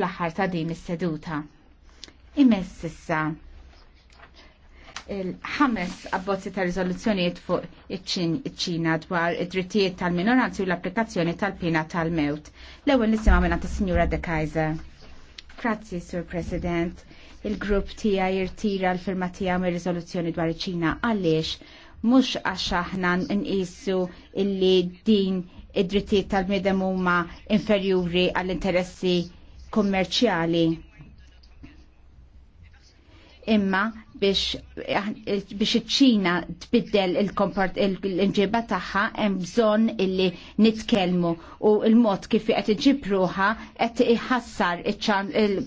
fl-aħħar ta' din is-seduta. Imess s'issa. il-ħames abbozzi ta' riżoluzzjonijiet fuq iċ-Ċina dwar id-drittijiet tal-minoranzi u l-applikazzjoni tal-pina tal-mewt. L-ewwel nisimgħu minn tas-Sinjura De Kaiser. Grazzi, Sur President. Il-grupp tiegħi jirtira l-firma tiegħu me riżoluzzjoni dwar iċ-Ċina għaliex mhux għax aħna nqisu illi din id-drittijiet tal-bniedem huma inferjuri għall-interessi kummerċjali. Imma biex iċ-ċina tbiddel l-inġiba tagħha hemm bżonn illi nitkellmu u l-mod kif qed iġibruha qed iħassar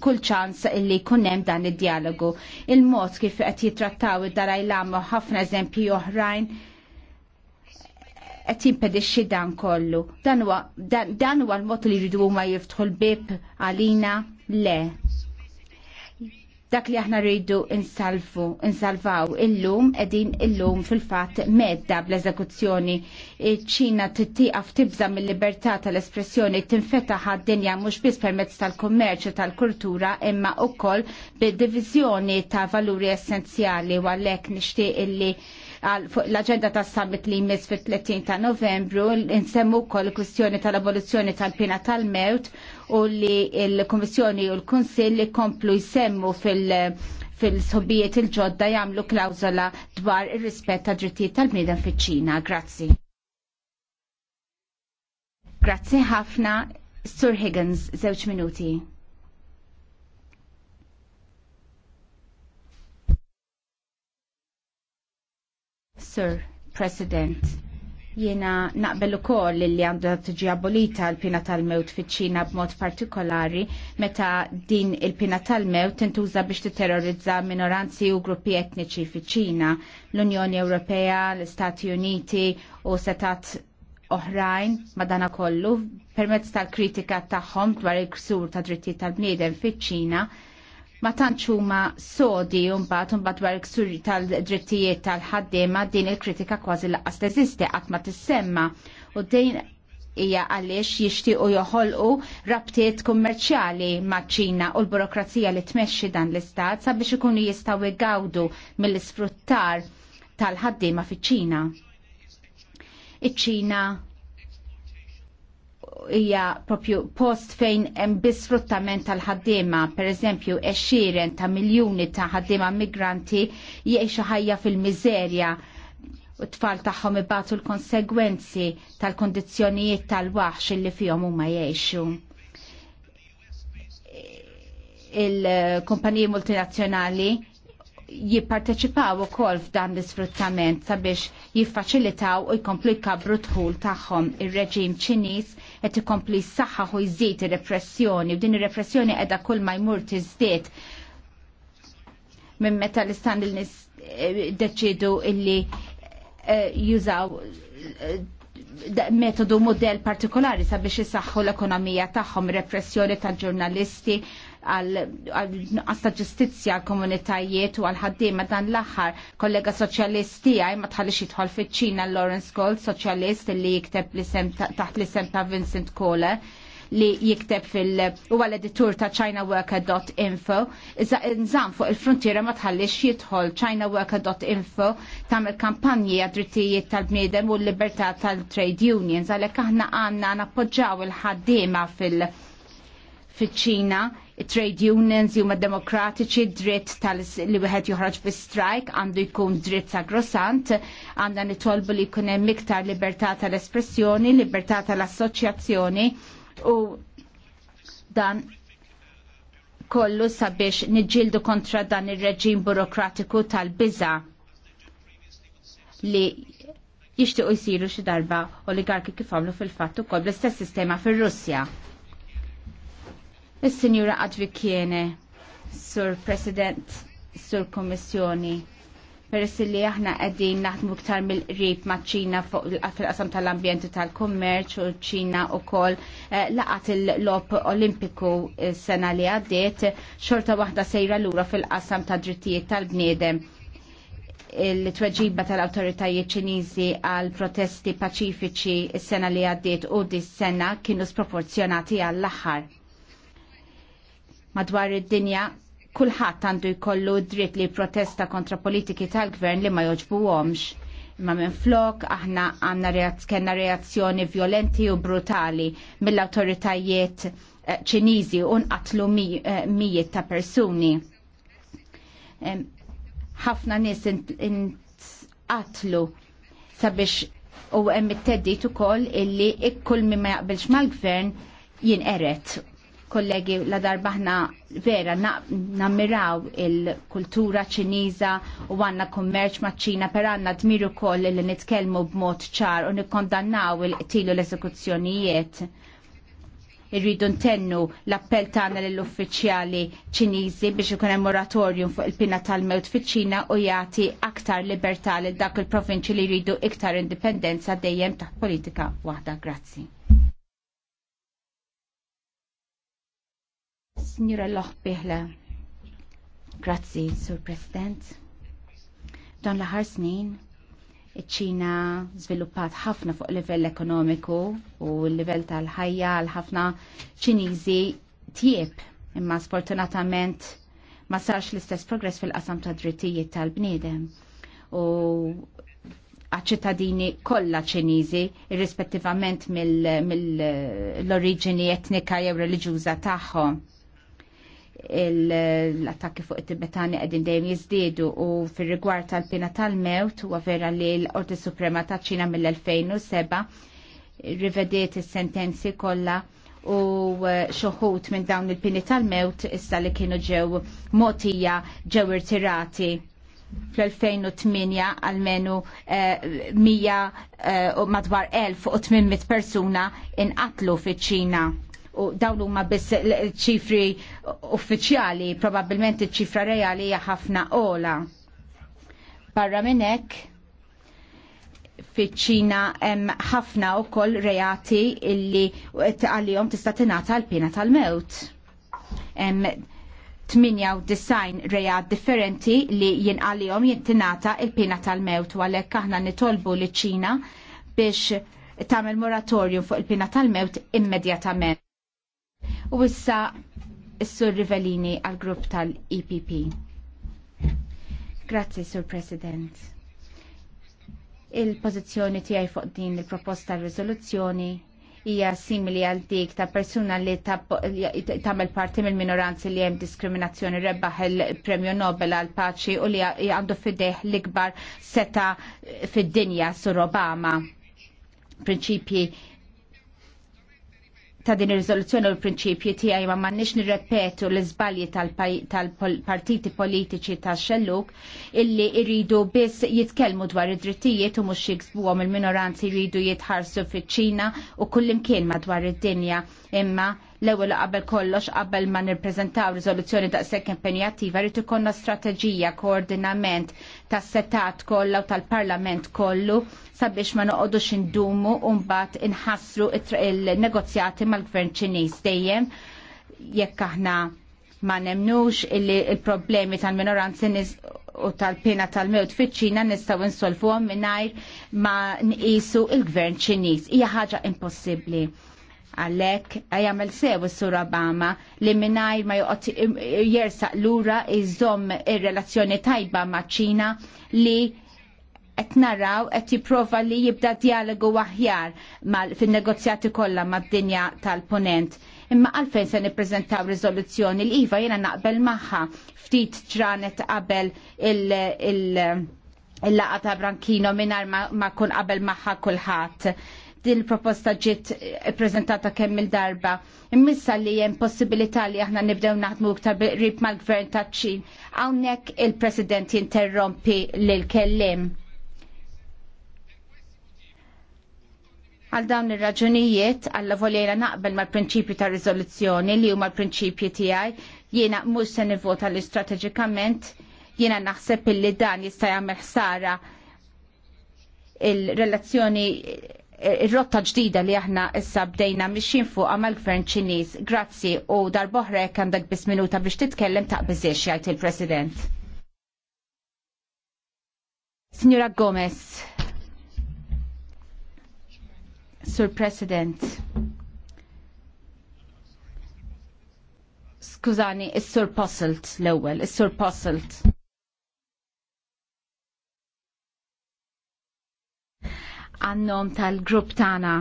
kull ċans illi jkun hemm dan id-dialogu. Il-mod kif qed jitrattaw id-Dalai Lama ħafna eżempji oħrajn qed jimpedixxi dan kollu. Dan huwa dan huwa l-mod li jridu huma jiftħu l-bib għalina le. Dak li aħna rridu insalvu, insalvaw illum edin illum fil-fatt medda bl-eżekuzzjoni. Ċina tittiqaf tibża mill-libertà tal-espressjoni tinfetaħ għad-dinja mhux biss permezz tal-kummerċ u tal-kultura imma wkoll bid-diviżjoni ta' valuri essenzjali u għalhekk nixtieq illi l-agenda ta' summit li jmiss fit-30 ta' novembru nsemmu kol kwistjoni tal-abolizzjoni tal-pina tal-mewt u li l-Komissjoni u l-Kunsill komplu jsemmu fil- fil-sobijiet il-ġodda jagħmlu klawzola dwar ir-rispett ta' drittijiet tal-bniedem fiċ-Ċina. Grazzi. Grazzi ħafna, Sir Higgins, żewġ minuti. Sir President, jiena naqbel ukoll li għandha tiġi abolita l-pina tal-mewt fiċ-Ċina b'mod partikolari meta din il-pina tal-mewt tintuża biex titerrorizza minoranzi u gruppi etniċi fiċ-Ċina. L-Unjoni Ewropea, l-Istati Uniti u setat oħrajn madana kollu permezz tal-kritika tagħhom dwar il-ksur ta' drittijiet tal-bniedem fiċ-Ċina ma tantx huma sodi mbagħad unbat dwar iksuri tal-drittijiet tal-ħaddiema din il-kritika kważi laqas teżisti qatt ma tissemma u din hija għaliex jixtiequ joħolqu rabtiet kummerċjali maċ-Ċina u l-burokrazija li tmexxi dan l-istat sabiex ikunu jistgħu jgawdu mill-isfruttar tal-ħaddiema fiċ-Ċina. Iċ-Ċina hija propju post fejn hemm bisfruttament tal-ħaddiema, pereżempju eċxieren ta' miljuni ta' ħaddiema migranti jgħixu ħajja fil-miżerja u tfal tagħhom ibatu l-konsegwenzi tal-kondizzjonijiet tal-waħx illi fihom huma jgħixu. Il-kumpaniji multinazzjonali jipparteċipaw ukoll f'dan l-isfruttament sabiex jiffaċilitaw u jkomplu jkabru tħul tagħhom ir-reġim Ċiniż qed ikompli jsaħħaħ u jżid il repressjoni u din ir-repressjoni qiegħda kull ma jmur tizdiet minn meta l-istan l-nis eh, deċidu illi eh, jużaw eh, metodu model partikolari sabiex jissaxħu l-ekonomija tagħhom repressjoni ta' ġurnalisti, għasta ta' ġustizzja għal komunitajiet u għal ħaddiema dan l-aħħar kollega soċjalisti tiegħi ma tħallix jidħol fiċ-Ċina Lawrence Gold, soċjalist li jikteb taħt l-isem ta' Vincent Cole li jikteb fil u għal-editur ta' ChinaWorker.info nżam fuq il-frontiera ma tħallix jidħol ChinaWorker.info tamil kampanji għad-drittijiet tal-bniedem u l-libertà tal-trade unions għalek aħna għanna nappoġġaw il-ħaddima fil- fiċ-Ċina, trade unions huma demokratiċi, dritt tal li wieħed joħroġ fi strajk għandu jkun dritt sagrosant, għandan nitolbu li jkun hemm iktar libertà tal-espressjoni, libertà tal-assoċjazzjoni u dan kollu sabiex niġġieldu kontra dan ir-reġim burokratiku tal-biża li jixtiequ jsiru xi darba oligarki kif fil-fatt ukoll bl-istess sistema fir-Russja. Is-Sinjura Advikiene, Sur President, Sur Kommissjoni, peress li aħna qegħdin naħdmu ktar mill-qrib ma' ċina fuq fil-qasam tal-ambjent tal-kummerċ u ċina wkoll eh, laqat il-lop Olimpiku s-sena li għaddiet xorta waħda sejra lura fil-qasam ta' drittijiet tal-bniedem il-tweġiba tal-autoritajiet ċiniżi għal protesti paċifiċi s-sena li għaddiet u dis-sena kienu sproporzjonati għall-aħħar madwar id-dinja kulħadd għandu jkollu dritt li protesta kontra politiki tal-gvern li ma joġbuhomx. Imma minn flok aħna għanna kena reazzjoni violenti u brutali mill-autoritajiet eh, ċiniżi u nqatlu eh, mijiet ta' persuni. Ħafna nies intqatlu sabiex u hemm it-teddit ukoll illi ikkul min ma jaqbilx mal-gvern jinqeret kollegi la darba ħna vera nammiraw il-kultura ċiniża u għanna kummerċ maċ-Ċina per għanna dmiru koll li nitkellmu b'mod ċar u nikkondannaw il tilu l-eżekuzzjonijiet. Irridu ntennu l-appell tagħna lill-uffiċjali Ċiniżi biex ikun hemm moratorium fuq il-pina tal-mewt fiċ-Ċina u jagħti aktar libertà lil dak il-provinċi li jridu iktar indipendenza dejjem taħt politika waħda. Grazzi. Signora Loħbihla. Grazzi, Sur President. Dan l-ħar snin, ċina żviluppat ħafna fuq livell ekonomiku u l-livell tal-ħajja għal ħafna ċiniżi tieb imma sfortunatament ma sarx l-istess progress fil-qasam ta' drittijiet tal-bniedem u għacċittadini ċittadini kollha ċiniżi irrispettivament mill-oriġini mil etnika jew reliġjuża tagħhom l-attakki fuq it-Tibetani qegħdin dejjem jiżdiedu u fir-rigward tal-pina tal-mewt huwa vera li l-Qorti Suprema ta' Ċina mill-2007 rivedet is-sentenzi kollha u uh, xoħut minn dawn il-pini tal-mewt issa li kienu ġew motija ġew irtirati fl-2008 għalmenu eh, 100 eh, madwar 1800 persuna inqatlu fiċ-Ċina u dawn huma biss ċifri uffiċjali, probabbilment iċ-ċifra reali hija ħafna ola. Barra minn hekk fiċ-ċina hemm ħafna wkoll reati illi għalihom tista' tingħata l-pena tal-mewt. Hemm 98 reat differenti li jinqalihom jittinata il-pena tal-mewt u għalhekk aħna nitolbu li ċina biex tagħmel moratorium fuq il-pena tal-mewt immedjatament. U issa s-Sur Rivellini għal grupp tal-EPP. Grazzi, Sur President. Il-pozizjoni tiegħi fuq din il-proposta riżoluzzjoni hija simili għal dik ta' persuna li tagħmel parti mill-minoranzi li hemm diskriminazzjoni rebbaħ il-Premju Nobel għal paċi u li għandu fideħ l-ikbar seta fid-dinja sur Obama. Prinċipji ta' din ir-riżoluzzjoni u l-prinċipji tiegħi ma m'għandniex nirrepetu l-iżbalji tal-partiti politiċi tax-xelluk illi jridu biss jitkellmu dwar id-drittijiet u mhux jiksbuhom il-minoranzi jridu jitħarsu fiċ-Ċina u kullimkien madwar id-dinja Imma l-ewwel qabel kollox qabel ma nirpreżentaw riżoluzzjoni sekk impenjattiva rrid ikollna strateġija koordinament tas-setat kollha u tal-Parlament kollu sabiex ma noqogħdux indumu u mbagħad inħassru il-negozjati mal-Gvern Ċiniż dejjem jekk aħna ma nemnux illi il-problemi tal-minoranzi u tal-pena tal-mewt fiċ-Ċina nistgħu insolvuhom mingħajr ma nqisu il-gvern Ċiniż. Hija ħaġa impossibbli għalek għajamel sew s-sur Obama li minnaj ma juqot jersaq l-ura iżom il-relazzjoni tajba ma' ċina li qed naraw qed jipprova li jibda dialogu aħjar fin-negozjati kollha mad-dinja tal-punent. Imma għalfejn se nippreżentaw riżoluzzjoni l-iva jiena naqbel magħha ftit ġranet qabel il-, il, il ta' Brankino minar ma kun qabel maħħa kulħadd din il-proposta ġiet eh, prezentata kemm il-darba. Immissa li jem possibilità li aħna nibdew naħdmu iktar rib mal-gvern ta' ċin. Hawnhekk il-President jinterrompi l kellim. Għal dawn ir-raġunijiet għalla volejna naqbel mal-prinċipju ta' riżoluzzjoni li huma l-prinċipji tiegħi jiena mhux se nivvota li strateġikament jiena naħseb illi dan jista' jagħmel ħsara il-relazzjoni ir-rotta ġdida li aħna issa bdejna mixin fuq għamal gvern ċiniż. Grazzi u darboħra jekk għandek bis minuta biex titkellem ta' biżiex jgħid il-President. Signora Gomez. Sur President. Skużani, is-Sur Posselt l-ewwel, is-Sur Posselt. għannom tal-grupp tana.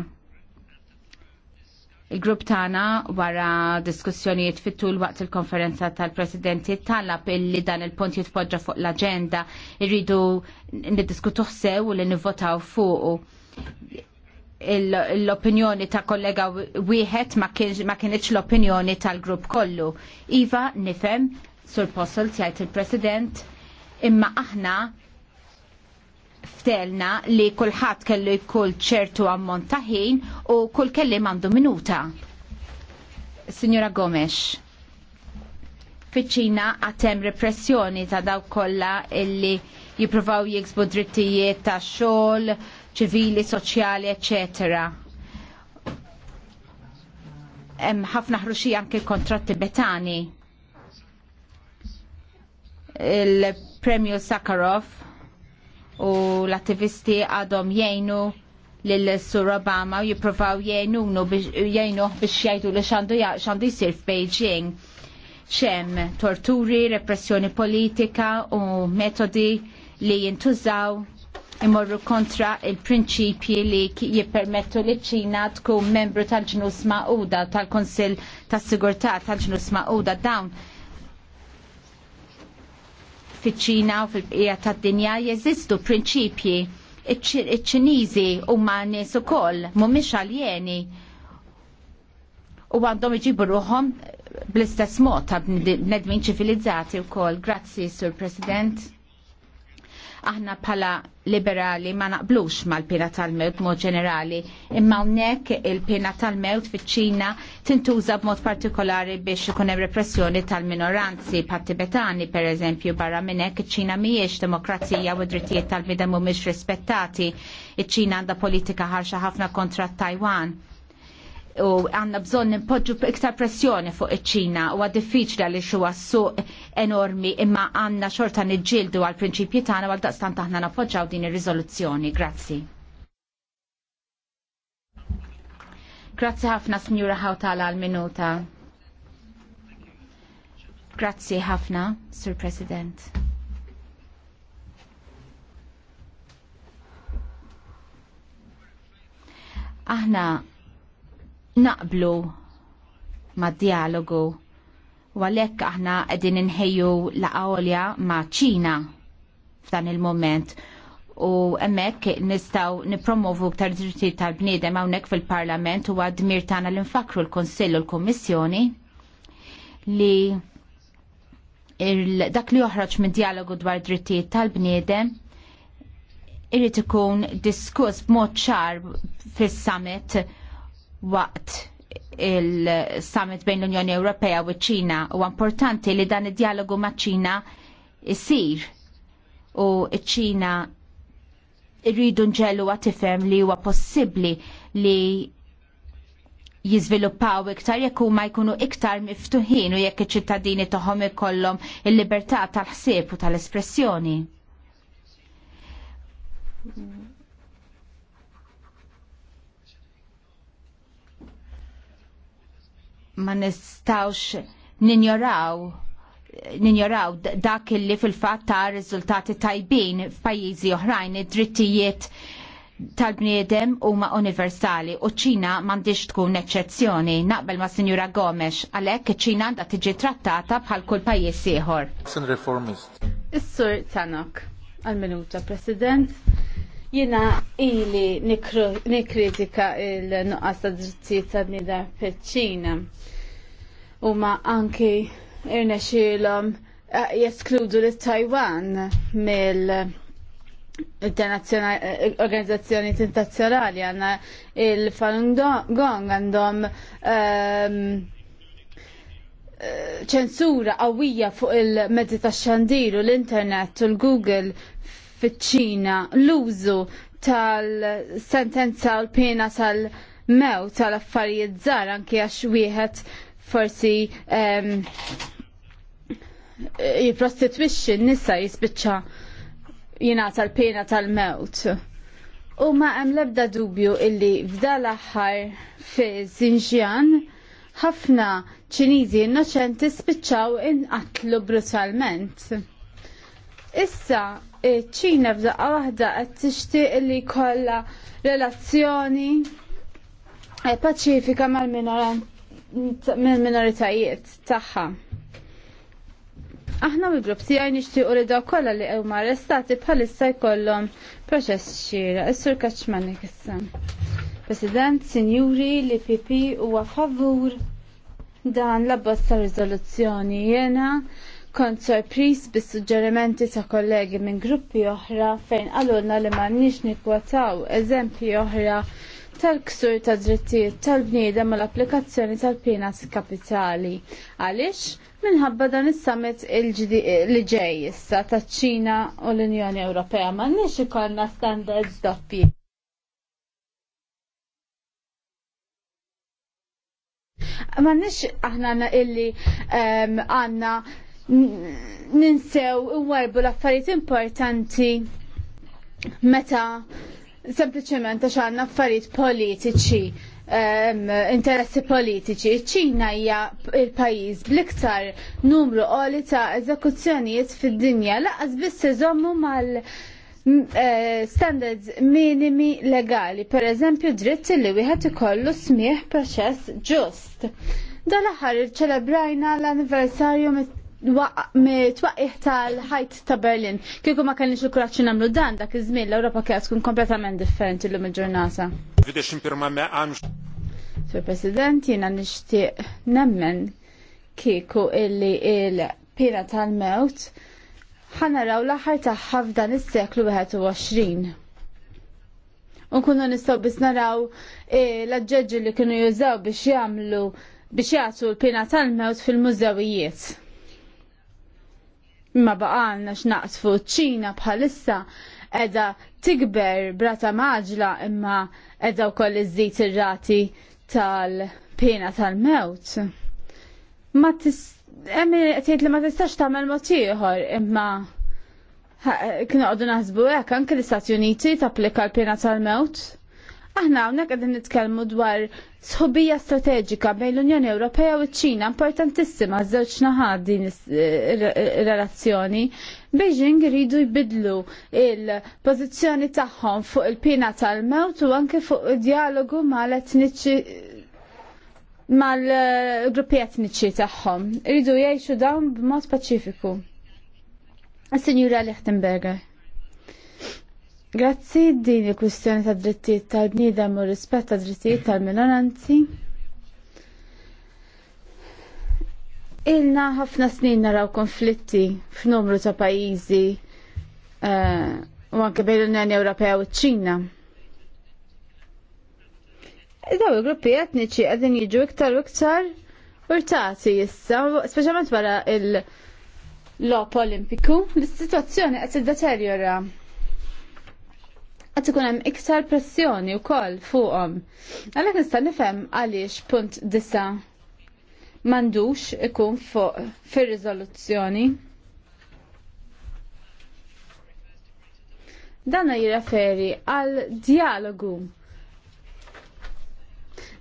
Il-grupp tana wara diskussjonijiet fit-tul waqt il-konferenza tal-presidenti talab illi dan il-punt jitpoġġa fuq l-agenda irridu niddiskutuh sew u li nivvotaw fuqu. L-opinjoni ta' kollega wieħed ma kienx l-opinjoni tal-grupp kollu. Iva, nifem, sur posol tjajt il-president, imma aħna ftelna li kulħadd kellu jkull ċertu ammont ta' ħin u kull kellim għandu minuta. Signora Gomes, fiċ-Ċina għatem repressjoni ta' daw kollha illi jippruvaw jiksbu drittijiet ta' xogħol, ċivili, soċjali, eccetera. Hemm ħafna ħruxija anke kontra Tibetani. Il-Premju Sakharov u l-attivisti għadhom jgħinu l-Sur Obama u jiprofaw jgħinu biex jgħidu li xandu jisir f'Beijing. ċem torturi, repressjoni politika u metodi li jintużaw imorru kontra il-prinċipji li jippermettu li ċina tkun membru tal-ġnus ma'uda tal-Konsil tas-Sigurtà tal-ġnus ma'uda dawn fiċ-Ċina u fil-bqija tad-dinja jeżistu prinċipji iċ-Ċiniżi huma nies ukoll mhumiex għaljeni u għandhom iġibu ruħhom bl-istess mod ta' bnedmin ċivilizzati wkoll. Grazzi, Sur President. Aħna bħala liberali ma naqblux mal-pina tal-mewt mod ġenerali, imma unnek il-pina tal-mewt fiċ-ċina tintuża b'mod partikolari biex ikun hemm repressjoni tal-minoranzi pat-Tibetani per eżempju barra minn hekk iċ-Ċina mhijiex demokrazija u drittijiet tal-bidem mhumiex rispettati, iċ-Ċina għandha politika ħarxa ħafna kontra Taiwan u għanna bżon nimpoġġu iktar pressjoni fuq iċ-Ċina u għaddiffiċli diffiċli xuwa suq enormi imma għanna xorta nġildu għal prinċipji tagħna għal daqstant aħna nappoġġaw din ir-riżoluzzjoni. Grazzi. Grazzi ħafna Sinjura Hawtala għal minuta. Grazzi ħafna, Sir President. Aħna naqblu ma' dialogu u għalhekk aħna qegħdin inħejju laqgħolja ma' Ċina f'dan il-moment u emmek nistaw nipromovu ktar drittijiet tal-bniedem hawnhekk fil-Parlament u għadmir tagħna l-infakru l-Konsill u l-Kummissjoni li dak li joħroġ minn dialogu dwar drittijiet tal-bniedem irrid ikun diskuss b'mod ċar fis-summit waqt il-summit bejn l-Unjoni Ewropea u ċ-Ċina u importanti li dan id-dialogu ma' ċina isir u ċ-Ċina irridu nġellu għatifem li huwa possibbli li jizviluppaw iktar jekk huma jkunu iktar miftuħin u jekk iċ-ċittadini tagħhom ikollhom il-libertà tal-ħsieb u tal-espressjoni. ma nistawx ninjoraw ninjoraw dak illi fil-fat ta' riżultati tajbin f'pajjiżi oħrajn id-drittijiet tal-bniedem huma universali u ċina m'għandix tkun eċċezzjoni naqbel ma' Sinjura Gomes għalhekk ċina għandha tiġi trattata bħal kull pajjiż ieħor. Is-Sur Tanok għal-minuta President. Jina ili nikritika il-nuqqas ta' drittijiet ta' nida peċċina. ċina ma' anki irnexxielhom eh, jeskludu li taiwan mill organizzazzjoni internazzjonali għanna il-Falun Gong għandhom ehm, eh, ċensura qawwija fuq il-mezzi tax-xandir u l-internet u l-Google fiċ-Ċina l-użu tal-sentenza u l-pena tal-mew tal-affarijiet żgħar anke għax wieħed forsi ehm, jiprostitwixxi n-nisa jispiċċa jingħata l-pena tal-mewt. U ma hemm l-ebda dubju illi f'dal aħħar fi Xinjiang ħafna ċiniżi innoċenti spiċċaw inqatlu brutalment. Issa ċina b'daqqa waħda qed tixtieq li jkollha relazzjoni eh, paċifika mal-minoritajiet tagħha. Aħna mill grupp tiegħi nixtiequ li dawk kollha li huma arrestati bħalissa jkollhom proċess xira. Is-Sur Kaċmani issa. President, Sinjuri, li PP huwa favur dan l-abbozza riżoluzzjoni jena kont sorpris bis suġġerimenti ta' kollegi minn gruppi oħra fejn għalunna li m'għandniex nikwataw eżempji oħra tal-ksur ta' drittijiet tal-bniedem u l-applikazzjoni tal-pina kapitali. Għaliex? Minħabba dan is-summit li ġej issa taċ ċina u l-Unjoni Ewropea m'għandniex ikollna standards doppji. Ma nix aħna illi għanna ninsew warbu l-affarijiet importanti meta sempliċement għax għandna affarijiet politiċi um, interessi politiċi. ċina hija il-pajjiż bl-iktar numru qoli ta' eżekuzzjonijiet fid-dinja laqas biss iżommu mal eh, standards minimi legali, per eżempju dritt li wieħed ikollu smieħ proċess ġust. Dan aħħar ċelebrajna l-anniversarju twaqqiħ tal-ħajt ta' Berlin. Kieku ma kellix il-kuraċċi nagħmlu dan dak iż-żmien l-Ewropa kienet tkun kompletament differenti llum il-ġurnata. Sur President, jiena nixtieq nemmen kieku illi il-pina tal-mewt ħanaraw l-aħħar tagħha f'dan is-seklu 21. Unkunu nistgħu biss naraw eh, l-aġġeġġi li kienu jużaw biex jagħmlu biex jagħtu l-pina tal-mewt fil-mużewijiet ma baqalna x'naqs fuq ċina bħalissa edha tikber brata maġla imma edha wkoll iżżid ir-rati tal-pena tal-mewt. Ma tis hemm qed li ma tistax tagħmel mod ieħor imma kienu għadu naħsbu hekk anke l-Istati Uniti tapplika l-pena tal-mewt. Aħna hawnhekk qegħdin nitkellmu dwar Sħubija strateġika bejn l-Unjoni Ewropea u ċ-Ċina importantissima żewġ naħad din eh, eh, relazzjoni. Beijing iridu jbidlu il-pożizzjoni tagħhom fuq il-pina tal-mewt u anke fuq dialogu mal-etniċi mal-gruppi etniċi tagħhom. Iridu jgħixu dawn b'mod paċifiku. Signora Lichtenberger. Grazzi din il-kwistjoni ta' drittijiet tal-bniedem u rispett ta' drittijiet tal-minoranzi. Ilna ħafna snin naraw konflitti f'numru ta' pajjiżi eh, u anke bejn l-Unjoni Ewropea u ċ-Ċina. Daw il-gruppi etniċi qegħdin jiġu iktar u iktar urtati issa, speċjalment wara l lop olimpiku, l għed qed deteriora għat ikun hemm iktar pressjoni wkoll fuqhom. Għalhekk nista' nifhem għaliex punt disa m'għandux ikun fuq fir-riżoluzzjoni. Dana jirreferi għal dialogu.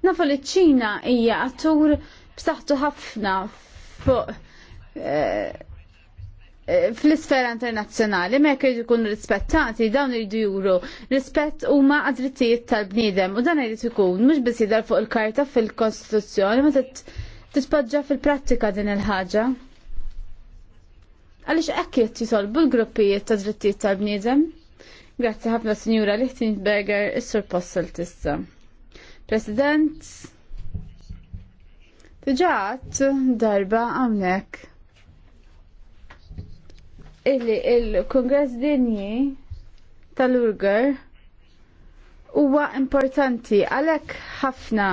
Nafu li ċina hija attur b'saħħtu ħafna fuq eh, fl-isfera internazzjonali ma jekk ikunu rispettati dawn iridu juru rispett huma għad-drittijiet tal-bniedem u dan irid ikun mhux biss jidher fuq il-karta fil-Kostituzzjoni ma tispoġġa fil-prattika din il-ħaġa. Għaliex hekk qed jisolbu l-gruppijiet ta' drittijiet tal-bniedem. Grazzi ħafna Sinjura Lichtenberger is-Sur Postaltista. tista. President, Tiġat darba għamnek illi il-Kongress Dinji tal-Urger huwa importanti għalhekk ħafna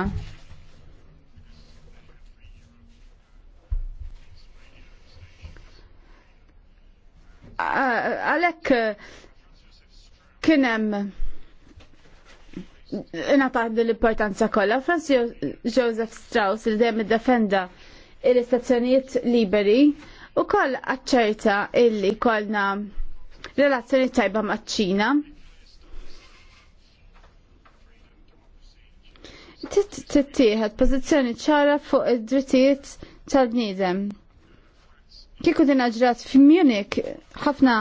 għalhekk kien hemm ingħatat l-importanza kollha Franz Joseph Strauss li dejjem iddefenda l-istazzjonijiet liberi u koll għacċerta illi kollna relazzjoni tajba maċ-Ċina. Tittieħed pożizzjoni ċara fuq id-drittijiet tal-bniedem. Kieku din fi f'Munich ħafna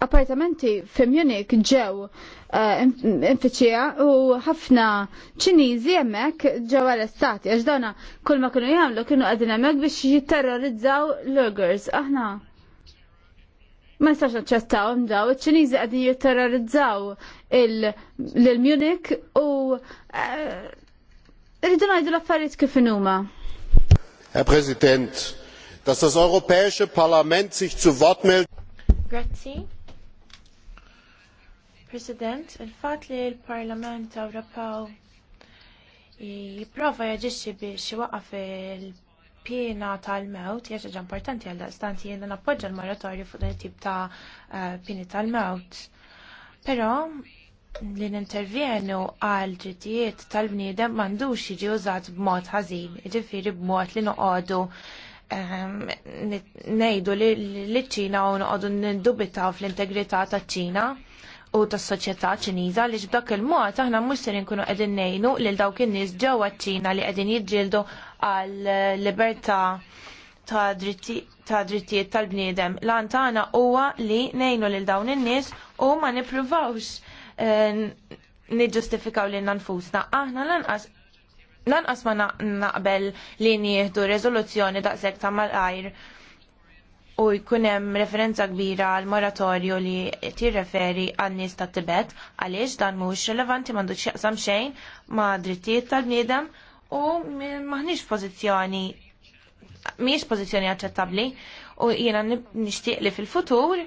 appartamenti fi Munich ġew eh, infiċija u ħafna ċinizi hemmhekk ġew arrestati għax dawna kull ma kienu jagħmlu kienu qegħdin hemmhekk biex jitterrorizzaw lurgers. Aħna ma nistax naċċettaw daw, iċ-Ċiniżi qegħdin jitterrorizzaw lil Munich u eh, rridu ngħidu l-affarijiet kif huma. Herr Präsident, dass das Europäische Parlament sich zu Wort meldet. Grazie. President, il-fat li l-Parlament Ewropew jipprova jaġixxi biex iwaqaf il-pjena tal-mewt, hija ġa importanti għal stanti, jiena nappoġġa l-moratorju fuq dan tip ta' eh, pieni tal-mewt. Però li n-intervjenu għal ġitijiet tal-bniedem m'għandux jiġi użat b'mod ħażin, jiġifieri b'mod li noqogħdu ehm, ngħidu li ċ-Ċina u noqogħdu nindubitaw fl-integrità taċ-Ċina u tas-soċjetà Ċiniża li b'dak il-mod aħna mhux se nkunu qegħdin ngħinu lil dawk in-nies ġewwa ċ-Ċina li qegħdin jiġġieldu għal libertà ta' drittijiet tal-bniedem. Lan tagħna huwa li ngħinu lil dawn in-nies u ma nippruvawx eh, niġġustifikaw lil nfusna. Aħna lanqas lanqas ma naqbel li nieħdu riżoluzzjoni daqshekk ta' mal-ajr u jkun hemm referenza kbira għal moratorju li tirreferi għan nies ta' Tibet għaliex dan mhux relevanti m'għandu x'jaqsam xejn ma' drittijiet tal-bniedem u maħniex pożizzjoni mhijiex pożizzjoni aċċettabbli u jiena nixtieq li fil-futur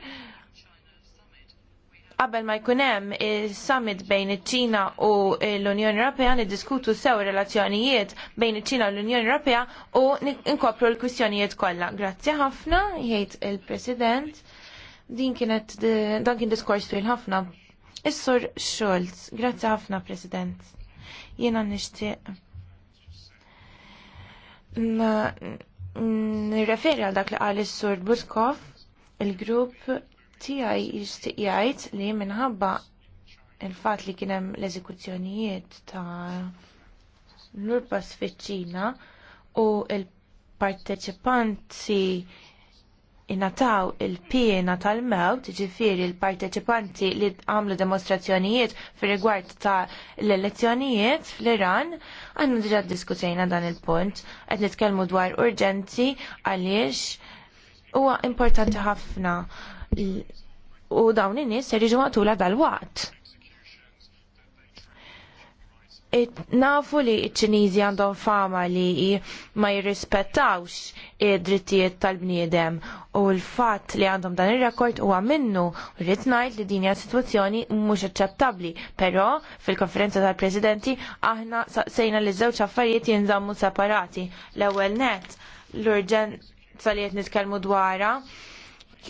qabel ma jkun hemm is-summit bejn iċ-Ċina u l-Unjoni Ewropea niddiskutu sew relazzjonijiet bejn iċ-Ċina u l-Unjoni Ewropea u nkopru l-kwistjonijiet kollha. Grazzi ħafna, jgħid il-President. Din kienet dan kien diskors twil ħafna. Is-Sur Schulz, grazzi ħafna President. Jiena nixtieq. Nirreferi għal dak li qal is-Sur Buskov il-grupp tiegħi jixtieq jgħid li minħabba il-fatt li kien hemm l-eżekuzzjonijiet ta' l-urbas fiċ-Ċina u l-parteċipanti inataw il-piena tal-mewt, ġifiri l-parteċipanti li għamlu demonstrazzjonijiet fir rigward ta' l-elezzjonijiet fl-Iran, għannu diġa diskutejna dan il-punt, għed nitkellmu dwar urġenzi għaliex huwa importanti ħafna u dawn in-nies se jiġu matula dal-waqt. Nafu li ċ-Ċiniżi għandhom fama li ma jirrispettawx id-drittijiet tal-bniedem u l-fatt li għandhom dan ir-rekord huwa minnu u rrid ngħid li din hija sitwazzjoni mhux aċċettabbli, però fil-konferenza tal-Presidenti aħna sejna li żewġ affarijiet jinżammu separati. L-ewwel net l-urġenza li qed nitkellmu dwarha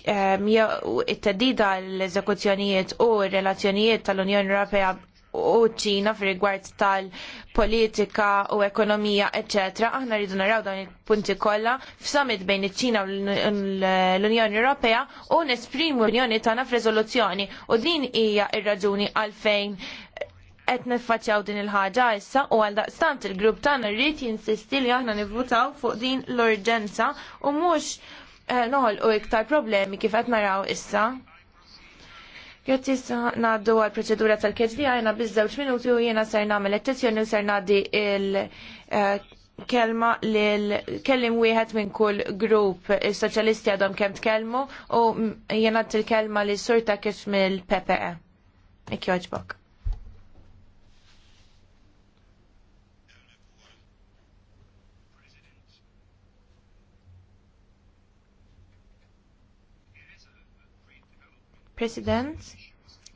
Um, it-tedida l-eżekuzzjonijiet u r-relazzjonijiet tal-Unjoni Ewropea u ċina f'rigward tal-politika u ekonomija, etc. Aħna rridu naraw dawn il-punti kollha f'summit bejn iċ-Ċina u l-Unjoni Ewropea u nesprimu l-Unjoni tagħna f'reżoluzzjoni. u din hija r-raġuni għalfejn qed niffaċċjaw din il-ħaġa issa u għal daqstant il-grupp tagħna rrid jinsisti li aħna nivvutaw fuq din l-urġenza u mhux Eh, u iktar problemi kif qed naraw issa. Grazzi issa ngħaddu għall proċedura tal-KHDI għajna biż-żewġ minuti u jiena ser nagħmel attenzjoni u ser ngħaddi il- eh, kelma lil kellim wieħed minn kull grupp is-soċjalisti għadhom kemm tkellmu u jiena il kelma li surta kif mill-PPE. Ikki oġbok. President.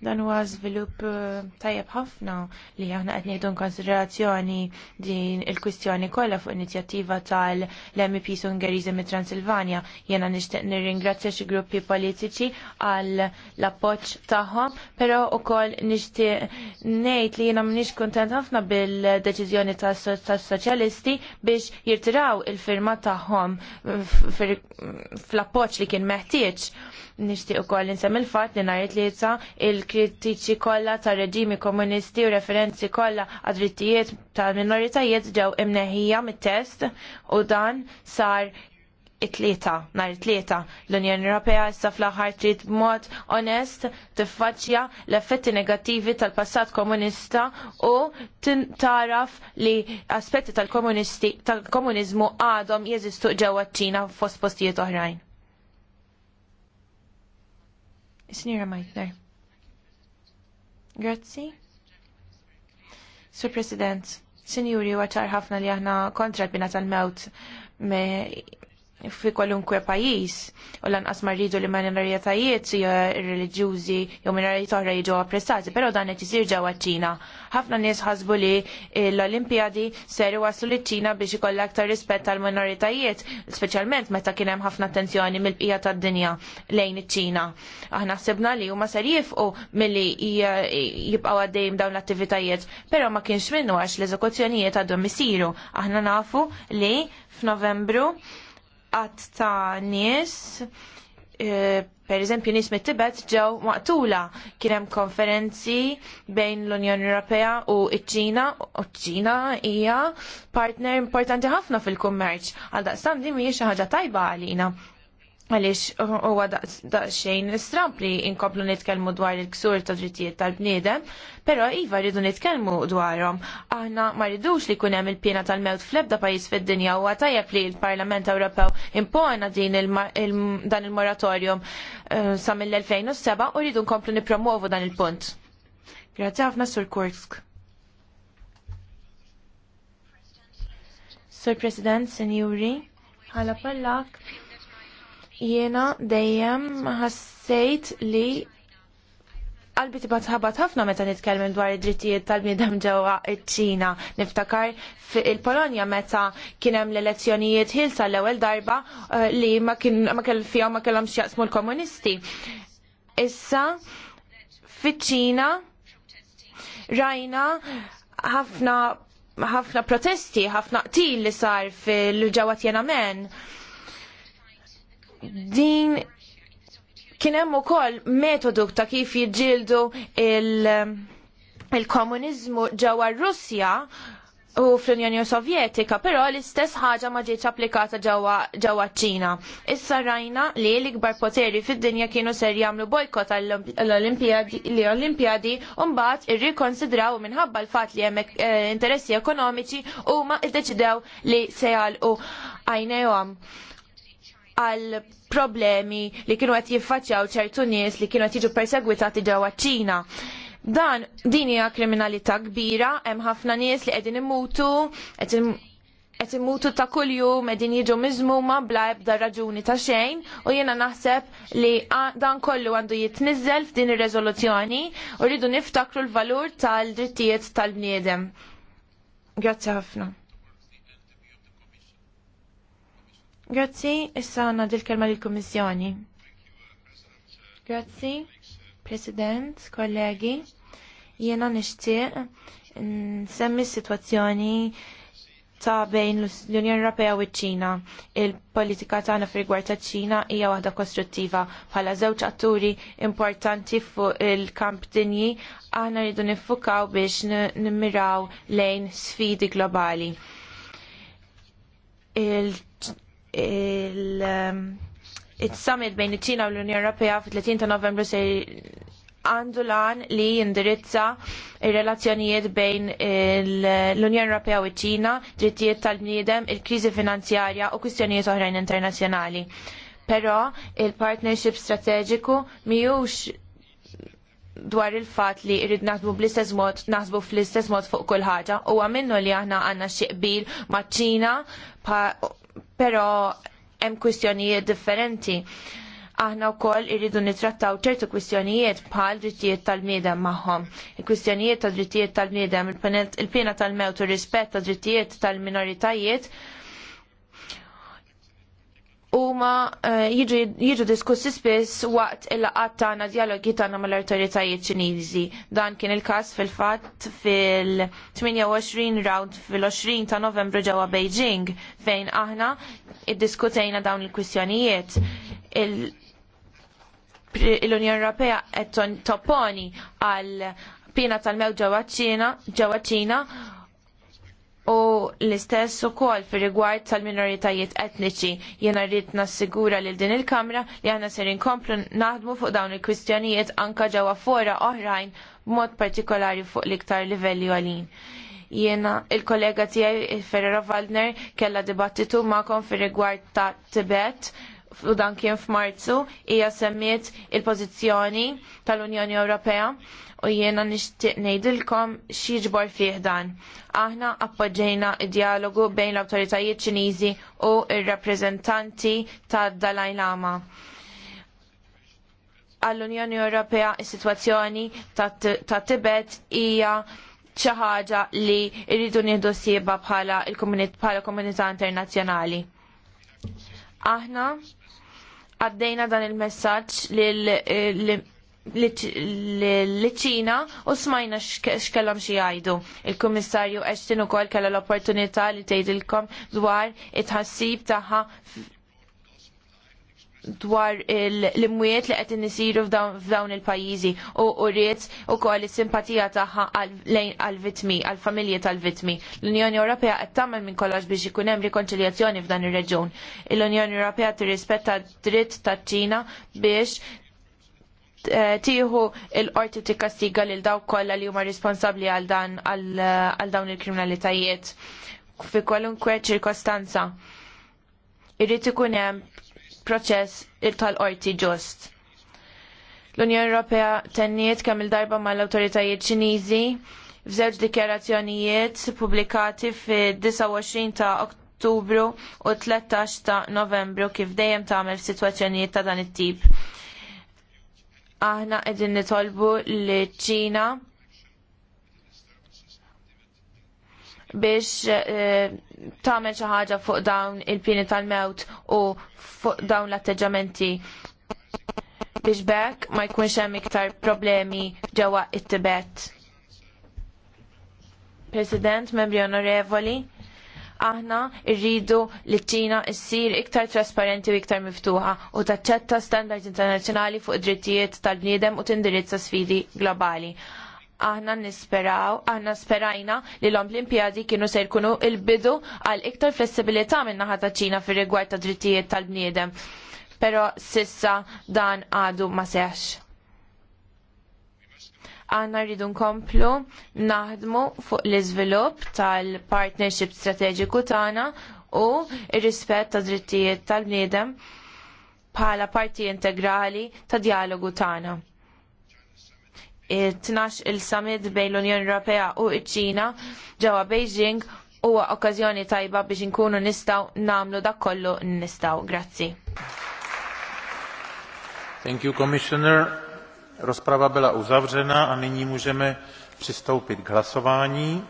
Dan huwa żvilupp eh, tajjeb ħafna li aħna qed ngħidu konsiderazzjoni din il-kwistjoni kollha fuq inizjattiva tal-MPs Ungeriżi mit Transilvania. Jena nixtieq nirringrazzja xi gruppi politiċi għal l-appoġġ tagħhom, però wkoll nixtieq ngħid li jiena m'iniex kuntent ħafna bil-deċiżjoni tas-soċjalisti biex jirtiraw il-firma tagħhom fl-appoġġ li kien meħtieġ. Nixtieq ukoll insem il-fatt li ngħid li sa il il-kritiċi kollha tar-reġimi komunisti u referenzi kollha għad-drittijiet tal-minoritajiet ġew imneħija mit-test u dan sar it-tlieta, nhar it-tlieta. L-Unjoni Ewropea issa fl-aħħar trid b'mod onest tiffaċċja l-effetti negattivi tal-passat komunista u taraf li aspetti tal-komunisti tal-komuniżmu għadhom jeżistu ġewwa ċ-Ċina fost postijiet oħrajn. is Meitner. Grazzi. Sur President, Sinjuri, waċar ħafna li aħna kontra l-bina tal-mewt me fi kwalunkwe pajis u lanqas ma rridu li minoritajiet reliġjużi jew minoritajiet oħra jiġu appressati, però dan qed isir ġewwa ċ-Ċina. Ħafna nies ħasbu li l-Olimpjadi seru waslu liċ-Ċina biex ikollha aktar rispett tal minoritajiet, speċjalment meta kien hemm ħafna attenzjoni mill-bqija tad-dinja lejn iċ-Ċina. Aħna ħsibna li huma ser jifqu milli jibqgħu għaddejjem dawn l-attivitajiet, però ma kienx minnu għax l-eżekuzzjonijiet għadhom isiru. Aħna nafu li f'Novembru qatt ta' nies eh, per eżempju nies mit-Tibet ġew maqtula kien hemm konferenzi bejn l-Unjoni Ewropea u ċ-Ċina u ċ-Ċina hija partner importanti ħafna fil-kummerċ għal din mhijiex xi ħaġa tajba għalina għalix huwa daqsxejn stramp li inkomplu nitkellmu dwar il-ksur ta' drittijiet tal-bniedem, però iva rridu nitkellmu dwarhom. Aħna ma rridux li kun hemm il-pjena tal-mewt fl-ebda pajjiż fid-dinja u tajjeb li l-Parlament Ewropew impona din dan il-moratorium eh, sa mill-2007 u rridu nkomplu nippromovu dan il-punt. Grazzi ħafna Sur Kursk. Sur President, Senjuri, għala pallak Jiena dejjem ħassejt li qalbi tibgħat ħabat ħafna meta nitkellem dwar id-drittijiet tal-bniedem ġewwa ċ-Ċina. Niftakar il polonja meta kien hemm l-elezzjonijiet ħilsa l-ewwel darba eh, li ma kien ma kell fihom ma kellhomx jaqsmu l-komunisti. Issa fiċ-Ċina rajna ħafna ħafna protesti, ħafna qtil li sar fil-ġewwa Tiananmen din kien hemm ukoll metodu ta' kif jiġġieldu il-komuniżmu il ġewwa Russja u fl-Unjoni Sovjetika, però l-istess ħaġa ma ġietx applikata ġewwa ċ-Ċina. Issa rajna li l-ikbar poteri fid-dinja kienu ser jagħmlu bojkot għall-Olimpjadi u mbagħad irrikonsidraw minħabba l-fatt li hemm eh, interessi ekonomiċi u ma ddeċidew li se jgħalqu għajnejhom għal problemi li kienu qed jiffaċċjaw ċertu nies li kienu qed jiġu persegwitati ġewwa ċina Dan din hija kriminalità kbira, hemm ħafna nies li qegħdin imutu, qed imutu ta' kuljum qegħdin jiġu miżmuma bla ebda raġuni ta' xejn u jiena naħseb li dan kollu għandu jitniżel f'din ir-reżoluzzjoni u rridu niftakru l-valur tal-drittijiet tal-bniedem. Grazzi ħafna. Grazzi, issa għanna dil-kelma l-Komissjoni. Grazzi, President, kollegi, jiena nishtiq nsemmi situazzjoni ta' bejn l-Unjoni Ewropea u ċ-Ċina. Il-politika tagħna fir-rigward taċ-Ċina hija waħda kostruttiva bħala żewġ atturi importanti fuq il-kamp dinji aħna rridu niffukaw biex nimmiraw lejn sfidi globali il-summit um, bejn iċ-Ċina u l-Unjoni Ewropea fit-30 ta' Novembru se għandu lan li jindirizza il-relazzjonijiet bejn l-Unjoni Ewropea u ċ-Ċina, drittijiet tal-bniedem, il-kriżi finanzjarja u kwistjonijiet oħrajn internazzjonali. Però il-partnership strategiku mhijiex dwar il-fat li irrid naħsbu bl-istess mod, naħsbu fl-istess mod fuq kull ħaġa. U minnu li aħna għandna xi qbil maċ-Ċina, pero hemm kwistjonijiet differenti. Aħna wkoll irridu nitrattaw ċertu kwistjonijiet bħal drittijiet tal-miedem magħhom. Il-kwistjonijiet ta' drittijiet tal-miedem, il-pena tal-mewt u rispett ta' drittijiet tal-minoritajiet, tal miedem il pena tal mewt u rispett tal il pena tal mewt u rispett ta drittijiet tal minoritajiet huma eh, jiġu diskussi spiss waqt il-laqat tagħna dialogi tagħna mal-awtoritajiet Ċiniżi. Dan kien il-każ fil-fatt fil-28 round fil-20 ta' Novembru ġewwa Beijing fejn aħna iddiskutejna dawn il-kwistjonijiet. l-Unjoni Ewropea qed topponi għal pina tal-mew ġewwa ċina u l-istess ukoll fir rigward tal-minoritajiet etniċi jena rrid nassigura lil din il-Kamra li aħna ser inkomplu naħdmu fuq dawn il-kwistjonijiet anke ġewwa fora oħrajn b'mod partikolari fuq l-iktar livelli għalin. Jiena il-kollega tiegħi Ferrero Waldner kellha dibattitu ma'kom fir rigward ta' Tibet u dan kien f'Marzu hija semmiet il-pożizzjoni tal-Unjoni Ewropea u jiena nixtieq ngħidilkom x'jiġbor fih dan. Aħna appoġġejna dialogu bejn l-awtoritajiet Ċiniżi u r-rappreżentanti tad Dalai Lama. Għall-Unjoni Ewropea is-sitwazzjoni ta' Tibet hija xi ħaġa li rridu nieħdu sieba bħala komunità internazzjonali. Aħna għaddejna dan il-messaġġ lil l-ċina u smajna x'kellhom xi jgħidu. Il-Kummissarju Ashton ukoll kellha l-opportunità li tgħidilkom dwar it-ħassib tagħha dwar l-imwiet li qed inisiru f'dawn il-pajjiżi u rrid ukoll is-simpatija tagħha għall-vitmi, għall-familji tal-vitmi. L-Unjoni Ewropea qed tagħmel minn kollox biex ikun hemm rikonċiljazzjoni f'dan ir-reġun. L-Unjoni Ewropea tirrispetta d dritt taċ-Ċina biex tieħu il-qorti tikkastiga lil dawk kollha li huma responsabbli għal dan għal dawn il-kriminalitajiet fi kwalunkwe ċirkostanza. Irrid ikun hemm proċess tal-qorti ġust. L-Unjoni Ewropea tenniet kemm il-darba mal-awtoritajiet Ċiniżi f'żewġ dikjarazzjonijiet pubblikati fid-29 ta' Ottubru u 13 ta' Novembru kif dejjem tagħmel f'sitwazzjonijiet ta' dan it-tip aħna qegħdin nitolbu li ċina biex eh, tagħmel xi ħaġa fuq dawn il pieni tal-mewt u fuq dawn l-atteġġamenti biex bekk ma jkunx hemm iktar problemi ġewwa it-Tibet. President, membri onorevoli, Aħna rridu li ċina ssir iktar trasparenti u iktar miftuħa u taċċetta standards internazzjonali fuq id-drittijiet tal-bniedem u tindirizza sfidi globali. Aħna nisperaw, aħna sperajna li l-Olimpijadi kienu se jkunu il-bidu għal iktar flessibilità minn naħa ta' ċina fir rigward ta' drittijiet tal-bniedem. Pero sissa dan għadu ma seħx Għanna rridu nkomplu naħdmu fuq l-iżvilupp tal-partnership strateġiku tagħna u r-rispett ta' drittijiet tal-bniedem bħala parti integrali ta' dialogu tagħna. Tnax il-summit bejn l-Unjoni Ewropea u ċ-Ċina ġewwa Beijing huwa okkażjoni tajba biex inkunu nistgħu nagħmlu dak kollu nistgħu. Grazzi. Thank you, Commissioner. Rozprava byla uzavřena a nyní můžeme přistoupit k hlasování.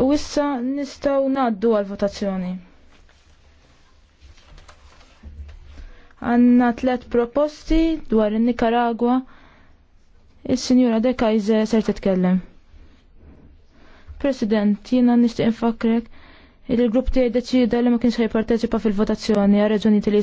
U issa nistaw naddu għal votazzjoni. Għanna tlet proposti dwar in nicaragua Il-Sinjura De Kajze ser titkellem. President, jina nishtiq infakrek il-grupp tiegħi deċida li ma kienx ħajparteċipa fil-votazzjoni għal raġuni li